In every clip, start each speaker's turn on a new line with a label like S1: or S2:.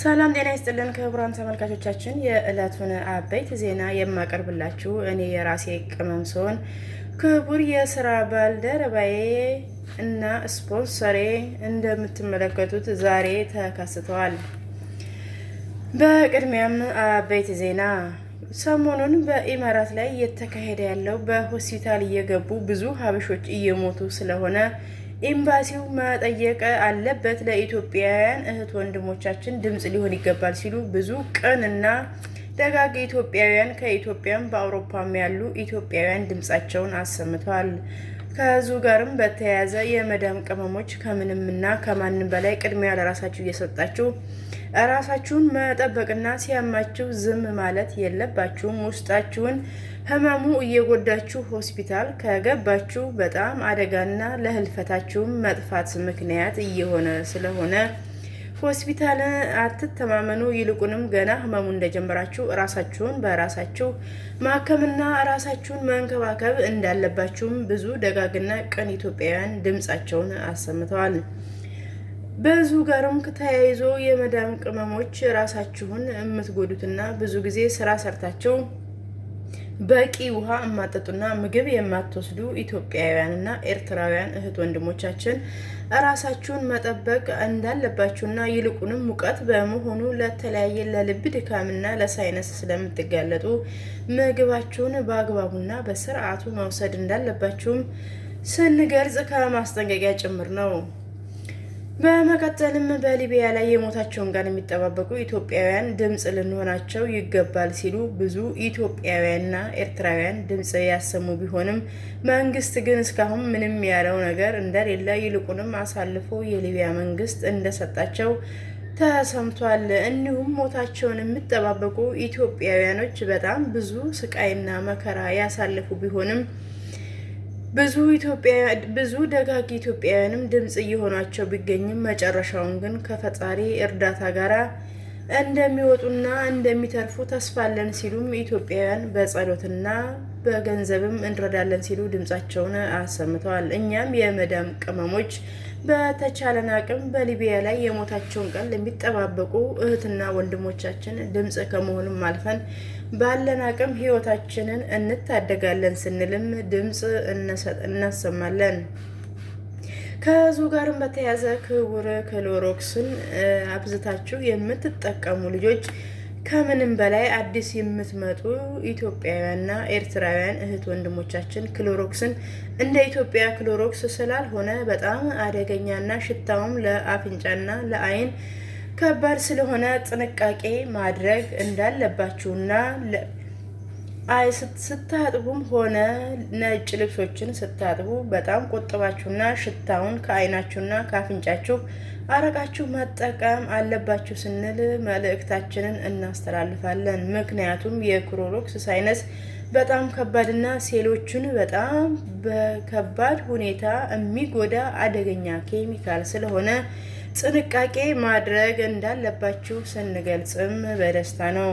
S1: ሰላም ጤና ይስጥልን ክቡራን ተመልካቾቻችን፣ የዕለቱን አበይት ዜና የማቀርብላችሁ እኔ የራሴ ቅመም ሲሆን ክቡር የስራ ባልደረባዬ እና ስፖንሰሬ እንደምትመለከቱት ዛሬ ተከስተዋል። በቅድሚያም አበይት ዜና ሰሞኑን በኢማራት ላይ እየተካሄደ ያለው በሆስፒታል እየገቡ ብዙ ሀበሾች እየሞቱ ስለሆነ ኤምባሲው መጠየቅ አለበት፣ ለኢትዮጵያውያን እህት ወንድሞቻችን ድምፅ ሊሆን ይገባል ሲሉ ብዙ እና ደጋግ ኢትዮጵያውያን ከኢትዮጵያም በአውሮፓም ያሉ ኢትዮጵያውያን ድምፃቸውን አሰምተዋል። ከዚሁ ጋርም በተያያዘ የመዳም ቅመሞች ከምንምና ከማንም በላይ ቅድሚያ ለራሳችሁ እየሰጣችሁ ራሳችሁን መጠበቅና ሲያማችሁ ዝም ማለት የለባችሁም። ውስጣችሁን ህመሙ እየጎዳችሁ ሆስፒታል ከገባችሁ በጣም አደጋና ለህልፈታችሁም መጥፋት ምክንያት እየሆነ ስለሆነ ሆስፒታል አትተማመኑ። ይልቁንም ገና ህመሙ እንደጀመራችሁ ራሳችሁን በራሳችሁ ማከምና ራሳችሁን መንከባከብ እንዳለባችሁም ብዙ ደጋግና ቅን ኢትዮጵያውያን ድምጻቸውን አሰምተዋል። በዙ ጋርም ተያይዞ የመዳም ቅመሞች ራሳችሁን የምትጎዱትና ብዙ ጊዜ ስራ ሰርታችሁ በቂ ውሃ የማጠጡና ምግብ የማትወስዱ ኢትዮጵያውያንና ኤርትራውያን እህት ወንድሞቻችን ራሳችሁን መጠበቅ እንዳለባችሁና ይልቁንም ሙቀት በመሆኑ ለተለያየ ለልብ ድካምና ለሳይነስ ስለምትጋለጡ ምግባችሁን በአግባቡና በስርዓቱ መውሰድ እንዳለባችሁም ስንገልጽ ከማስጠንቀቂያ ጭምር ነው። በመቀጠልም በሊቢያ ላይ የሞታቸውን ጋር የሚጠባበቁ ኢትዮጵያውያን ድምፅ ልንሆናቸው ይገባል ሲሉ ብዙ ኢትዮጵያውያንና ኤርትራውያን ድምፅ ያሰሙ ቢሆንም መንግስት ግን እስካሁን ምንም ያለው ነገር እንደሌለ ይልቁንም አሳልፎ የሊቢያ መንግስት እንደሰጣቸው ተሰምቷል። እንዲሁም ሞታቸውን የሚጠባበቁ ኢትዮጵያውያኖች በጣም ብዙ ስቃይና መከራ ያሳለፉ ቢሆንም ብዙ ብዙ ደጋግ ኢትዮጵያውያንም ድምፅ እየሆኗቸው ቢገኝም መጨረሻውን ግን ከፈጣሪ እርዳታ ጋር እንደሚወጡና እንደሚተርፉ ተስፋለን ሲሉም ኢትዮጵያውያን በጸሎትና በገንዘብም እንረዳለን ሲሉ ድምፃቸውን አሰምተዋል። እኛም የመዳም ቅመሞች በተቻለን አቅም በሊቢያ ላይ የሞታቸውን ቀን የሚጠባበቁ እህትና ወንድሞቻችን ድምፅ ከመሆንም አልፈን ባለን አቅም ህይወታችንን እንታደጋለን ስንልም ድምፅ እናሰማለን። ከዙ ጋርም በተያያዘ ክቡር ክሎሮክስን አብዝታችሁ የምትጠቀሙ ልጆች ከምንም በላይ አዲስ የምትመጡ ኢትዮጵያውያንና ኤርትራውያን እህት ወንድሞቻችን ክሎሮክስን እንደ ኢትዮጵያ ክሎሮክስ ስላልሆነ በጣም አደገኛና ሽታውም ለአፍንጫና ለአይን ከባድ ስለሆነ ጥንቃቄ ማድረግ እንዳለባችሁና አይ ስታጥቡም ሆነ ነጭ ልብሶችን ስታጥቡ በጣም ቆጥባችሁና ሽታውን ከአይናችሁና ከአፍንጫችሁ አረቃችሁ መጠቀም አለባችሁ ስንል መልእክታችንን እናስተላልፋለን። ምክንያቱም የክሮሮክስ ሳይነስ በጣም ከባድና ሴሎችን በጣም በከባድ ሁኔታ የሚጎዳ አደገኛ ኬሚካል ስለሆነ ጥንቃቄ ማድረግ እንዳለባችሁ ስንገልጽም በደስታ ነው።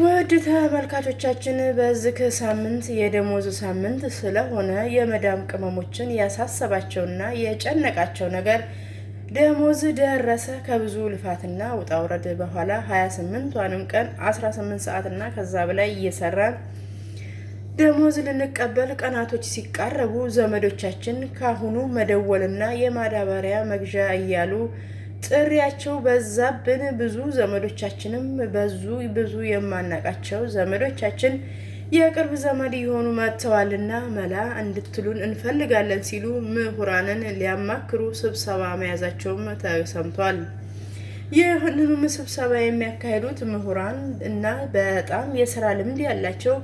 S1: ውድ ተመልካቾቻችን በዚህ ሳምንት የደሞዝ ሳምንት ስለሆነ የመዳም ቅመሞችን ያሳሰባቸውና የጨነቃቸው ነገር ደሞዝ ደረሰ። ከብዙ ልፋትና ውጣ ውረድ በኋላ 28ቷንም ቀን 18 ሰዓትና ከዛ በላይ እየሰራን ደሞዝ ልንቀበል ቀናቶች ሲቃረቡ ዘመዶቻችን ካሁኑ መደወልና የማዳበሪያ መግዣ እያሉ ጥሪያቸው በዛብን። ብዙ ዘመዶቻችንም በዙ። ብዙ የማናቃቸው ዘመዶቻችን የቅርብ ዘመድ የሆኑ መጥተዋልና መላ እንድትሉን እንፈልጋለን ሲሉ ምሁራንን ሊያማክሩ ስብሰባ መያዛቸውም ተሰምቷል። ይህንኑም ስብሰባ የሚያካሂዱት ምሁራን እና በጣም የስራ ልምድ ያላቸው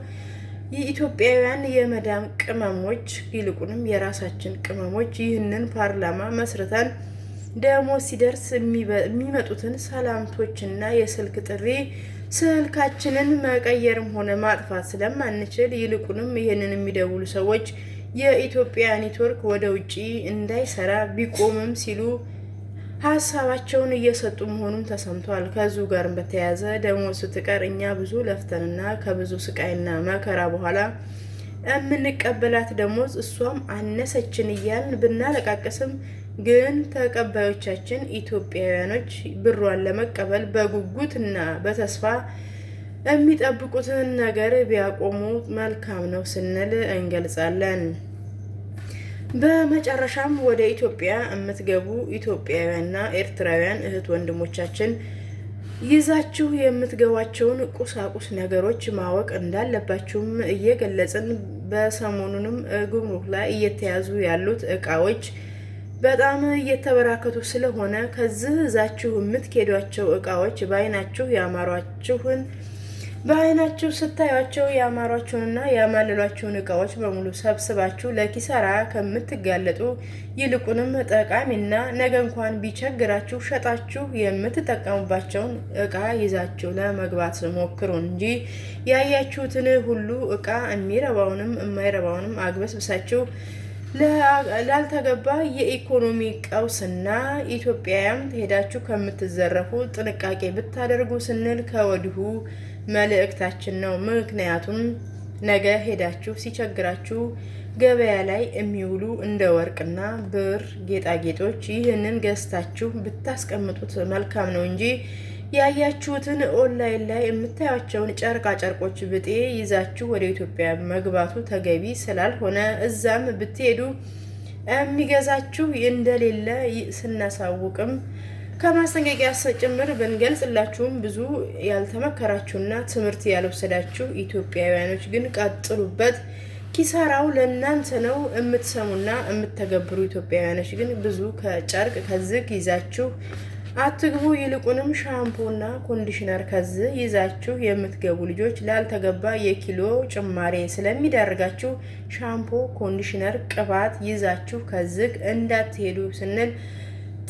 S1: የኢትዮጵያውያን የመዳም ቅመሞች ይልቁንም የራሳችን ቅመሞች ይህንን ፓርላማ መስርተን ደሞዝ ሲደርስ የሚመጡትን ሰላምቶችና የስልክ ጥሪ ስልካችንን መቀየርም ሆነ ማጥፋት ስለማንችል ይልቁንም ይህንን የሚደውሉ ሰዎች የኢትዮጵያ ኔትወርክ ወደ ውጪ እንዳይሰራ ቢቆምም ሲሉ ሀሳባቸውን እየሰጡ መሆኑን ተሰምቷል። ከዙ ጋርም በተያያዘ ደግሞ ስትቀር እኛ ብዙ ለፍተንና ከብዙ ስቃይና መከራ በኋላ የምንቀበላት ደሞዝ እሷም አነሰችን እያልን ብናለቃቅስም ግን ተቀባዮቻችን ኢትዮጵያውያኖች ብሯን ለመቀበል በጉጉትና በተስፋ የሚጠብቁትን ነገር ቢያቆሙ መልካም ነው ስንል እንገልጻለን። በመጨረሻም ወደ ኢትዮጵያ የምትገቡ ኢትዮጵያውያንና ኤርትራውያን እህት ወንድሞቻችን ይዛችሁ የምትገባቸውን ቁሳቁስ ነገሮች ማወቅ እንዳለባችሁም እየገለጽን በሰሞኑንም ጉምሩክ ላይ እየተያዙ ያሉት እቃዎች በጣም እየተበራከቱ ስለሆነ ከዚህ እዛችሁ የምትኬዷቸው እቃዎች በአይናችሁ ያማሯችሁን በአይናችሁ ስታያቸው ያማሯችሁንና ያማለሏችሁን እቃዎች በሙሉ ሰብስባችሁ ለኪሳራ ከምትጋለጡ ይልቁንም ጠቃሚና ነገ እንኳን ቢቸግራችሁ ሸጣችሁ የምትጠቀሙባቸውን እቃ ይዛችሁ ለመግባት ሞክሩ እንጂ ያያችሁትን ሁሉ እቃ የሚረባውንም የማይረባውንም አግበስብሳችሁ ላልተገባ የኢኮኖሚ ቀውስና ኢትዮጵያም ሄዳችሁ ከምትዘረፉ ጥንቃቄ ብታደርጉ ስንል ከወዲሁ መልእክታችን ነው። ምክንያቱም ነገ ሄዳችሁ ሲቸግራችሁ ገበያ ላይ የሚውሉ እንደ ወርቅና ብር ጌጣጌጦች፣ ይህንን ገዝታችሁ ብታስቀምጡት መልካም ነው እንጂ ያያችሁትን ኦንላይን ላይ የምታያቸውን ጨርቃ ጨርቆች ብጤ ይዛችሁ ወደ ኢትዮጵያ መግባቱ ተገቢ ስላልሆነ እዛም ብትሄዱ የሚገዛችሁ እንደሌለ ስናሳውቅም ከማስጠንቀቂያ ጭምር ብንገልጽላችሁም ብዙ ያልተመከራችሁና ትምህርት ያልወሰዳችሁ ኢትዮጵያውያኖች ግን ቀጥሉበት። ኪሳራው ለእናንተ ነው። የምትሰሙና የምትተገብሩ ኢትዮጵያውያኖች ግን ብዙ ከጨርቅ ከዝግ ይዛችሁ አትግቡ። ይልቁንም ሻምፖና ኮንዲሽነር ከዚህ ይዛችሁ የምትገቡ ልጆች ላልተገባ የኪሎ ጭማሬ ስለሚዳርጋችሁ ሻምፖ፣ ኮንዲሽነር፣ ቅባት ይዛችሁ ከዚህ እንዳትሄዱ ስንል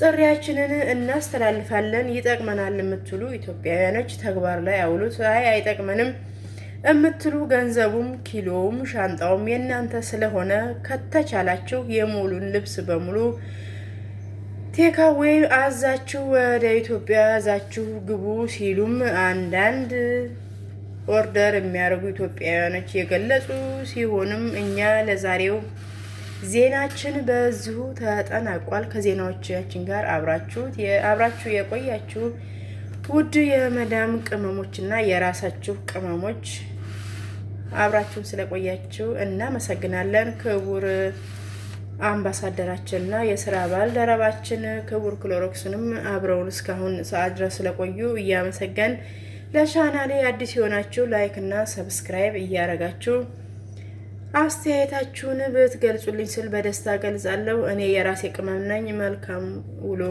S1: ጥሪያችንን እናስተላልፋለን። ይጠቅመናል የምትሉ ኢትዮጵያውያኖች ተግባር ላይ አውሉት። አይ አይጠቅመንም የምትሉ ገንዘቡም ኪሎውም ሻንጣውም የእናንተ ስለሆነ ከተቻላችሁ የሙሉን ልብስ በሙሉ ቴካዌይ አዛችሁ ወደ ኢትዮጵያ አዛችሁ ግቡ ሲሉም አንዳንድ ኦርደር የሚያደርጉ ኢትዮጵያውያኖች የገለጹ ሲሆንም እኛ ለዛሬው ዜናችን በዚሁ ተጠናቋል። ከዜናዎቻችን ጋር አብራችሁት አብራችሁ የቆያችሁ ውድ የመዳም ቅመሞች እና የራሳችሁ ቅመሞች አብራችሁን ስለቆያችሁ እናመሰግናለን ክቡር አምባሳደራችንና የስራ ባልደረባችን ክቡር ክሎሮክስንም አብረውን እስካሁን ሰዓት ድረስ ስለቆዩ እያመሰገን ለቻናሌ አዲስ የሆናችሁ ላይክ እና ሰብስክራይብ እያረጋችሁ አስተያየታችሁን ብትገልጹልኝ ስል በደስታ ገልጻለሁ። እኔ የራሴ ቅመም ነኝ። መልካም ውሎ